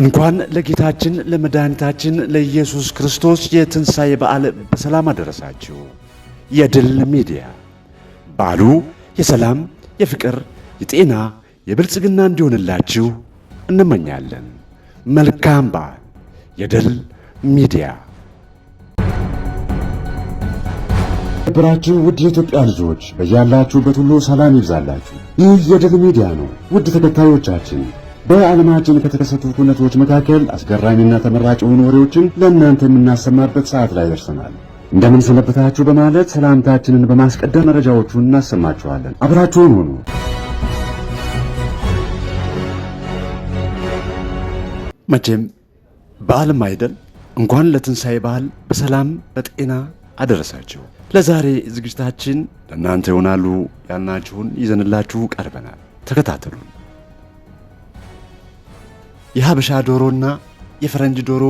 እንኳን ለጌታችን ለመድኃኒታችን ለኢየሱስ ክርስቶስ የትንሣኤ በዓል በሰላም አደረሳችሁ። የድል ሚዲያ በዓሉ የሰላም፣ የፍቅር፣ የጤና፣ የብልጽግና እንዲሆንላችሁ እንመኛለን። መልካም በዓል። የድል ሚዲያ ብራችሁ ውድ የኢትዮጵያ ልጆች በያላችሁበት ሁሉ ሰላም ይብዛላችሁ። ይህ የድል ሚዲያ ነው። ውድ ተከታዮቻችን በዓለማችን ከተከሰቱ ሁነቶች መካከል አስገራሚና ተመራጭ የሆኑ ወሬዎችን ለእናንተ የምናሰማበት ሰዓት ላይ ደርሰናል። እንደምን ሰነበታችሁ በማለት ሰላምታችንን በማስቀደም መረጃዎቹን እናሰማችኋለን። አብራችሁን ሁኑ። መቼም በዓልም አይደል እንኳን ለትንሣኤ በዓል በሰላም በጤና አደረሳችሁ። ለዛሬ ዝግጅታችን ለእናንተ ይሆናሉ ያልናችሁን ይዘንላችሁ ቀርበናል። ተከታተሉን። የሀበሻ ዶሮና የፈረንጅ ዶሮ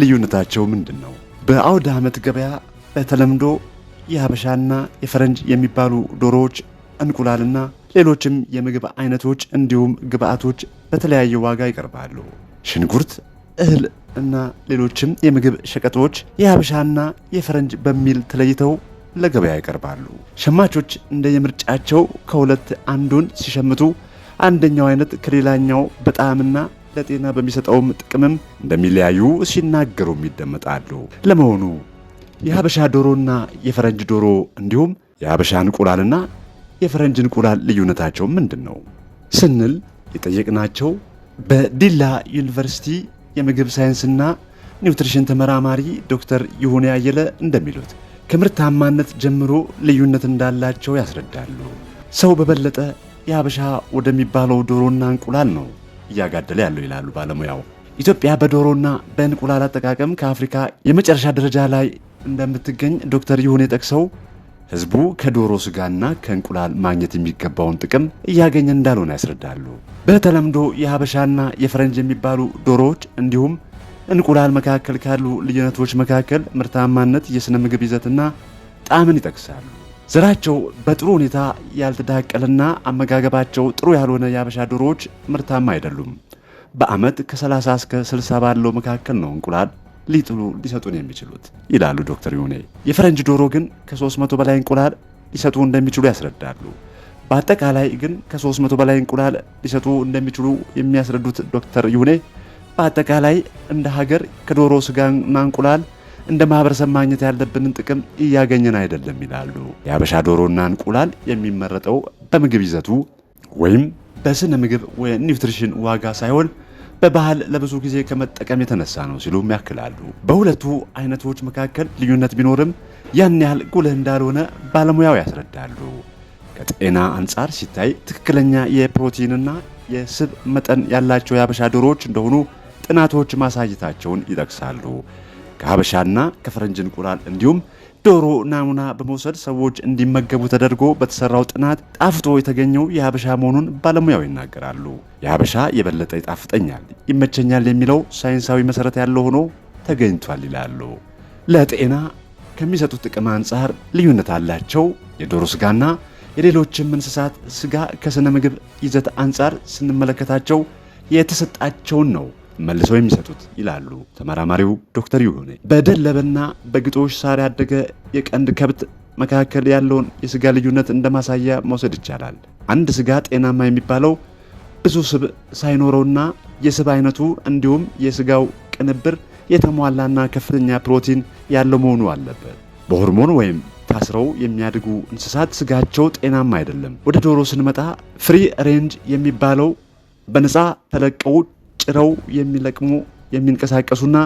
ልዩነታቸው ምንድን ነው? በአውደ ዓመት ገበያ በተለምዶ የሀበሻና የፈረንጅ የሚባሉ ዶሮዎች እንቁላልና ሌሎችም የምግብ አይነቶች እንዲሁም ግብአቶች በተለያየ ዋጋ ይቀርባሉ። ሽንኩርት፣ እህል እና ሌሎችም የምግብ ሸቀጦች የሀበሻና የፈረንጅ በሚል ተለይተው ለገበያ ይቀርባሉ። ሸማቾች እንደ የምርጫቸው ከሁለት አንዱን ሲሸምቱ አንደኛው አይነት ከሌላኛው በጣዕምና ለጤና በሚሰጠውም ጥቅምም እንደሚለያዩ ሲናገሩም ይደመጣሉ። ለመሆኑ የሀበሻ ዶሮና የፈረንጅ ዶሮ እንዲሁም የሀበሻ እንቁላልና የፈረንጅ እንቁላል ልዩነታቸው ምንድን ነው ስንል የጠየቅናቸው በዲላ ዩኒቨርሲቲ የምግብ ሳይንስና ኒውትሪሽን ተመራማሪ ዶክተር ይሁን ያየለ እንደሚሉት ከምርታማነት ጀምሮ ልዩነት እንዳላቸው ያስረዳሉ። ሰው በበለጠ የሀበሻ ወደሚባለው ዶሮና እንቁላል ነው እያጋደለ ያለው ይላሉ ባለሙያው። ኢትዮጵያ በዶሮና በእንቁላል አጠቃቀም ከአፍሪካ የመጨረሻ ደረጃ ላይ እንደምትገኝ ዶክተር ይሁኔ ጠቅሰው ህዝቡ ከዶሮ ስጋና ከእንቁላል ማግኘት የሚገባውን ጥቅም እያገኘ እንዳልሆነ ያስረዳሉ። በተለምዶ የሀበሻና የፈረንጅ የሚባሉ ዶሮዎች እንዲሁም እንቁላል መካከል ካሉ ልዩነቶች መካከል ምርታማነት፣ የሥነ ምግብ ይዘትና ጣዕምን ይጠቅሳሉ። ዘራቸው በጥሩ ሁኔታ ያልተዳቀለና አመጋገባቸው ጥሩ ያልሆነ የአበሻ ዶሮዎች ምርታማ አይደሉም። በዓመት ከ30 እስከ 60 ባለው መካከል ነው እንቁላል ሊጥሉ ሊሰጡን የሚችሉት ይላሉ ዶክተር ይሁኔ የፈረንጅ ዶሮ ግን ከ300 በላይ እንቁላል ሊሰጡ እንደሚችሉ ያስረዳሉ። በአጠቃላይ ግን ከ300 በላይ እንቁላል ሊሰጡ እንደሚችሉ የሚያስረዱት ዶክተር ዮኔ በአጠቃላይ እንደ ሀገር ከዶሮ ስጋና እንቁላል እንደ ማህበረሰብ ማግኘት ያለብንን ጥቅም እያገኘን አይደለም ይላሉ። የአበሻ ዶሮና እንቁላል የሚመረጠው በምግብ ይዘቱ ወይም በስነ ምግብ ኒውትሪሽን ዋጋ ሳይሆን በባህል ለብዙ ጊዜ ከመጠቀም የተነሳ ነው ሲሉም ያክላሉ። በሁለቱ አይነቶች መካከል ልዩነት ቢኖርም ያን ያህል ጉልህ እንዳልሆነ ባለሙያው ያስረዳሉ። ከጤና አንጻር ሲታይ ትክክለኛ የፕሮቲንና የስብ መጠን ያላቸው የአበሻ ዶሮዎች እንደሆኑ ጥናቶች ማሳየታቸውን ይጠቅሳሉ። ከሀበሻና ከፈረንጅ እንቁላል እንዲሁም ዶሮ ናሙና በመውሰድ ሰዎች እንዲመገቡ ተደርጎ በተሰራው ጥናት ጣፍጦ የተገኘው የሀበሻ መሆኑን ባለሙያው ይናገራሉ። የሀበሻ የበለጠ ይጣፍጠኛል፣ ይመቸኛል የሚለው ሳይንሳዊ መሰረት ያለው ሆኖ ተገኝቷል ይላሉ። ለጤና ከሚሰጡት ጥቅም አንጻር ልዩነት አላቸው። የዶሮ ስጋና የሌሎችም እንስሳት ስጋ ከስነ ምግብ ይዘት አንጻር ስንመለከታቸው የተሰጣቸውን ነው መልሰው የሚሰጡት ይላሉ ተመራማሪው ዶክተር ይሁኔ። በደለበና በግጦሽ ሳር ያደገ የቀንድ ከብት መካከል ያለውን የስጋ ልዩነት እንደ ማሳያ መውሰድ ይቻላል። አንድ ስጋ ጤናማ የሚባለው ብዙ ስብ ሳይኖረውና የስብ አይነቱ እንዲሁም የስጋው ቅንብር የተሟላና ከፍተኛ ፕሮቲን ያለው መሆኑ አለበት። በሆርሞን ወይም ታስረው የሚያድጉ እንስሳት ስጋቸው ጤናማ አይደለም። ወደ ዶሮ ስንመጣ ፍሪ ሬንጅ የሚባለው በነፃ ተለቀው ጭረው የሚለቅሙ የሚንቀሳቀሱና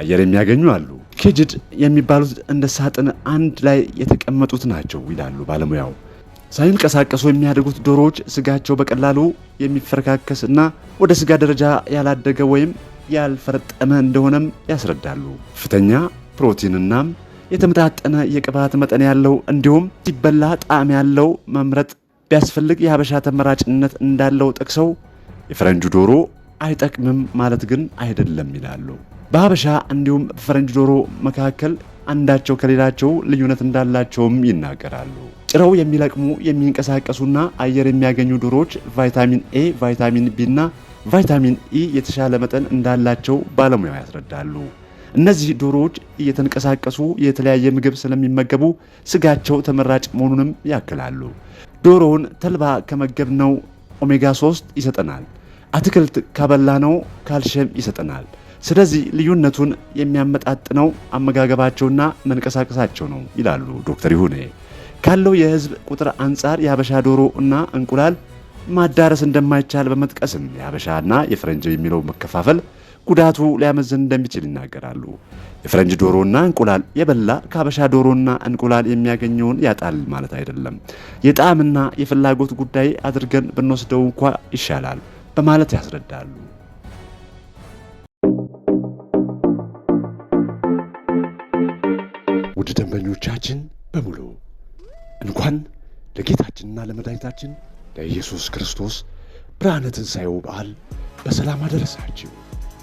አየር የሚያገኙ አሉ። ኬጅድ የሚባሉት እንደ ሳጥን አንድ ላይ የተቀመጡት ናቸው ይላሉ ባለሙያው። ሳይንቀሳቀሱ የሚያደጉት ዶሮዎች ስጋቸው በቀላሉ የሚፈረካከስ እና ወደ ስጋ ደረጃ ያላደገ ወይም ያልፈረጠመ እንደሆነም ያስረዳሉ። ከፍተኛ ፕሮቲንናም የተመጣጠነ የቅባት መጠን ያለው እንዲሁም ሲበላ ጣዕም ያለው መምረጥ ቢያስፈልግ የሀበሻ ተመራጭነት እንዳለው ጠቅሰው የፈረንጁ ዶሮ አይጠቅምም ማለት ግን አይደለም ይላሉ። በሀበሻ እንዲሁም ፈረንጅ ዶሮ መካከል አንዳቸው ከሌላቸው ልዩነት እንዳላቸውም ይናገራሉ። ጭረው የሚለቅሙ የሚንቀሳቀሱና አየር የሚያገኙ ዶሮዎች ቫይታሚን ኤ፣ ቫይታሚን ቢ እና ቫይታሚን ኢ የተሻለ መጠን እንዳላቸው ባለሙያ ያስረዳሉ። እነዚህ ዶሮዎች እየተንቀሳቀሱ የተለያየ ምግብ ስለሚመገቡ ስጋቸው ተመራጭ መሆኑንም ያክላሉ። ዶሮውን ተልባ ከመገብ ነው ኦሜጋ 3 ይሰጠናል አትክልት ከበላ ነው ካልሽየም ይሰጠናል። ስለዚህ ልዩነቱን የሚያመጣጥነው አመጋገባቸውና መንቀሳቀሳቸው ነው ይላሉ ዶክተር ይሁኔ። ካለው የህዝብ ቁጥር አንጻር የሀበሻ ዶሮ እና እንቁላል ማዳረስ እንደማይቻል በመጥቀስም የሀበሻና የፈረንጅ የሚለው መከፋፈል ጉዳቱ ሊያመዝን እንደሚችል ይናገራሉ። የፈረንጅ ዶሮና እንቁላል የበላ ከሀበሻ ዶሮና እንቁላል የሚያገኘውን ያጣል ማለት አይደለም። የጣዕምና የፍላጎት ጉዳይ አድርገን ብንወስደው እንኳ ይሻላል። በማለት ያስረዳሉ። ውድ ደንበኞቻችን በሙሉ እንኳን ለጌታችንና ለመድኃኒታችን ለኢየሱስ ክርስቶስ ብርሃነ ትንሣኤው በዓል በሰላም አደረሳችሁ።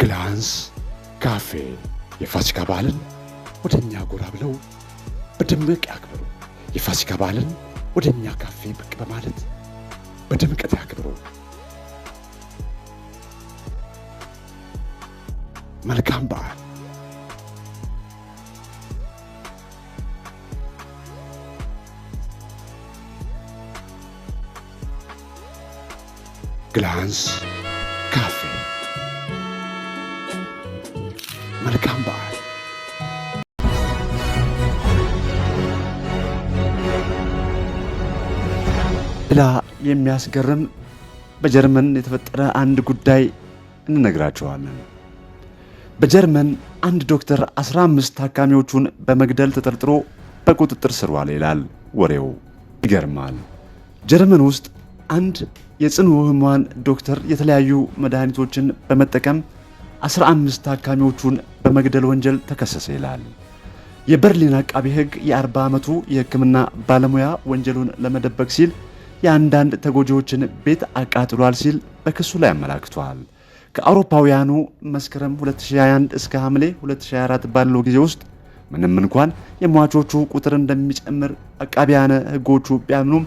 ግላንስ ካፌ የፋሲካ በዓልን ወደ እኛ ጎራ ብለው በድምቅ ያክብሩ። የፋሲካ በዓልን ወደ እኛ ካፌ ብቅ በማለት በድምቀት ያክብሩ። መልካም በዓል ግላንስ ካፌ መልካም በዓል ሌላ የሚያስገርም በጀርመን የተፈጠረ አንድ ጉዳይ እንነግራችኋለን። በጀርመን አንድ ዶክተር 15 ታካሚዎቹን በመግደል ተጠርጥሮ በቁጥጥር ስር ዋለ ይላል ወሬው። ይገርማል። ጀርመን ውስጥ አንድ የጽኑ ህሙማን ዶክተር የተለያዩ መድኃኒቶችን በመጠቀም 15 ታካሚዎቹን በመግደል ወንጀል ተከሰሰ ይላል። የበርሊን አቃቢ ህግ የ40 ዓመቱ የህክምና ባለሙያ ወንጀሉን ለመደበቅ ሲል የአንዳንድ ተጎጂዎችን ቤት አቃጥሏል ሲል በክሱ ላይ አመላክቷል። ከአውሮፓውያኑ መስከረም 2021 እስከ ሐምሌ 2024 ባለው ጊዜ ውስጥ ምንም እንኳን የሟቾቹ ቁጥር እንደሚጨምር አቃቢያነ ሕጎቹ ቢያምኑም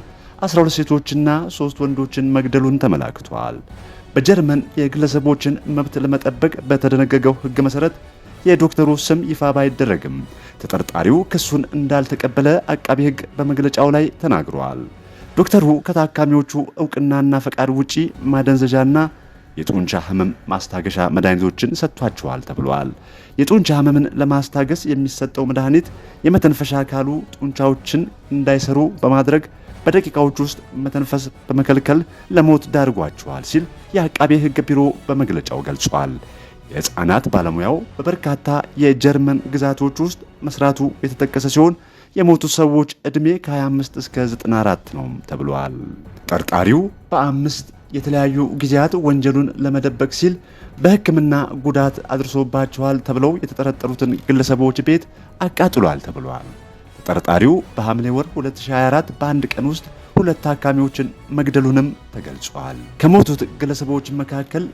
12 ሴቶችና 3 ወንዶችን መግደሉን ተመላክቷል። በጀርመን የግለሰቦችን መብት ለመጠበቅ በተደነገገው ሕግ መሠረት የዶክተሩ ስም ይፋ ባይደረግም ተጠርጣሪው ክሱን እንዳልተቀበለ አቃቢ ሕግ በመግለጫው ላይ ተናግሯል። ዶክተሩ ከታካሚዎቹ እውቅናና ፈቃድ ውጪ ማደንዘዣና የጡንቻ ህመም ማስታገሻ መድኃኒቶችን ሰጥቷቸዋል ተብሏል። የጡንቻ ህመምን ለማስታገስ የሚሰጠው መድኃኒት የመተንፈሻ አካሉ ጡንቻዎችን እንዳይሰሩ በማድረግ በደቂቃዎች ውስጥ መተንፈስ በመከልከል ለሞት ዳርጓቸዋል ሲል የአቃቤ ሕግ ቢሮ በመግለጫው ገልጿል። የህፃናት ባለሙያው በበርካታ የጀርመን ግዛቶች ውስጥ መስራቱ የተጠቀሰ ሲሆን የሞቱ ሰዎች ዕድሜ ከ25 እስከ 94 ነው ተብሏል። ጠርጣሪው በአምስት የተለያዩ ጊዜያት ወንጀሉን ለመደበቅ ሲል በሕክምና ጉዳት አድርሶባቸዋል ተብለው የተጠረጠሩትን ግለሰቦች ቤት አቃጥሏል ተብሏል። ተጠርጣሪው በሐምሌ ወር 2024 በአንድ ቀን ውስጥ ሁለት ታካሚዎችን መግደሉንም ተገልጿል። ከሞቱት ግለሰቦች መካከል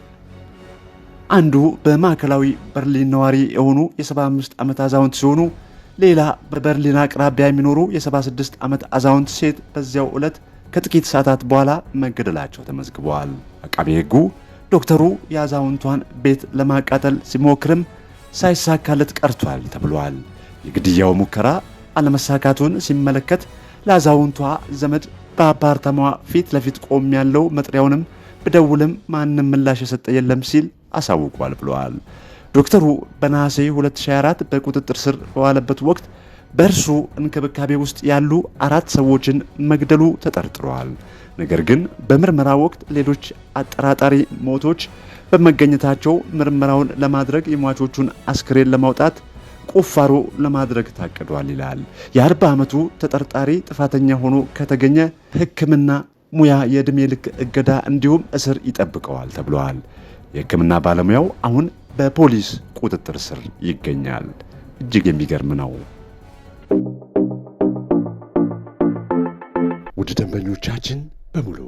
አንዱ በማዕከላዊ በርሊን ነዋሪ የሆኑ የ75 ዓመት አዛውንት ሲሆኑ ሌላ በበርሊን አቅራቢያ የሚኖሩ የ76 ዓመት አዛውንት ሴት በዚያው ዕለት ከጥቂት ሰዓታት በኋላ መገደላቸው ተመዝግበዋል። አቃቤ ሕጉ ዶክተሩ የአዛውንቷን ቤት ለማቃጠል ሲሞክርም ሳይሳካለት ቀርቷል ተብሏል። የግድያው ሙከራ አለመሳካቱን ሲመለከት ለአዛውንቷ ዘመድ በአፓርታማዋ ፊት ለፊት ቆም ያለው መጥሪያውንም ብደውልም ማንም ምላሽ የሰጠ የለም ሲል አሳውቋል ብለዋል። ዶክተሩ በነሐሴ 2024 በቁጥጥር ስር በዋለበት ወቅት በእርሱ እንክብካቤ ውስጥ ያሉ አራት ሰዎችን መግደሉ ተጠርጥረዋል። ነገር ግን በምርመራ ወቅት ሌሎች አጠራጣሪ ሞቶች በመገኘታቸው ምርመራውን ለማድረግ የሟቾቹን አስክሬን ለማውጣት ቁፋሮ ለማድረግ ታቅዷል ይላል። የአርባ ዓመቱ ተጠርጣሪ ጥፋተኛ ሆኖ ከተገኘ ሕክምና ሙያ የዕድሜ ልክ እገዳ እንዲሁም እስር ይጠብቀዋል ተብለዋል። የሕክምና ባለሙያው አሁን በፖሊስ ቁጥጥር ስር ይገኛል። እጅግ የሚገርም ነው። ውድ ደንበኞቻችን በሙሉ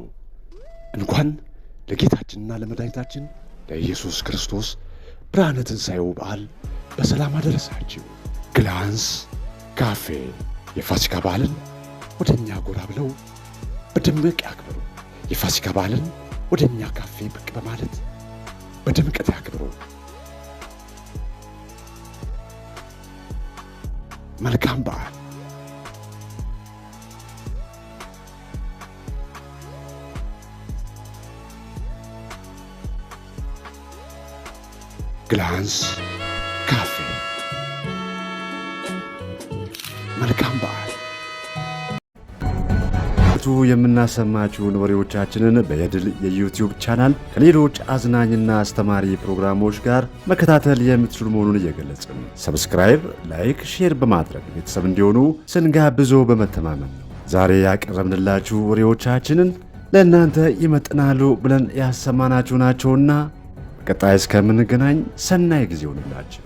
እንኳን ለጌታችንና ለመድኃኒታችን ለኢየሱስ ክርስቶስ ብርሃነ ትንሣኤው በዓል በሰላም አደረሳችሁ። ግላንስ ካፌ የፋሲካ በዓልን ወደ እኛ ጎራ ብለው በድምቅ ያክብሩ። የፋሲካ በዓልን ወደ እኛ ካፌ ብቅ በማለት በድምቀት ያክብሩ። መልካም በዓል። ግላንስ ካፌ መልካም በዓል። ቱ የምናሰማችውን ወሬዎቻችንን በየድል የዩቲዩብ ቻናል ከሌሎች አዝናኝና አስተማሪ ፕሮግራሞች ጋር መከታተል የምትችሉ መሆኑን እየገለጽን ሰብስክራይብ፣ ላይክ፣ ሼር በማድረግ ቤተሰብ እንዲሆኑ ስንጋብዞ በመተማመን ነው ዛሬ ያቀረብንላችሁ ወሬዎቻችንን ለእናንተ ይመጥናሉ ብለን ያሰማናችሁ ናቸውና ቀጣይ እስከምንገናኝ ሰናይ ጊዜ ይሁንላችሁ።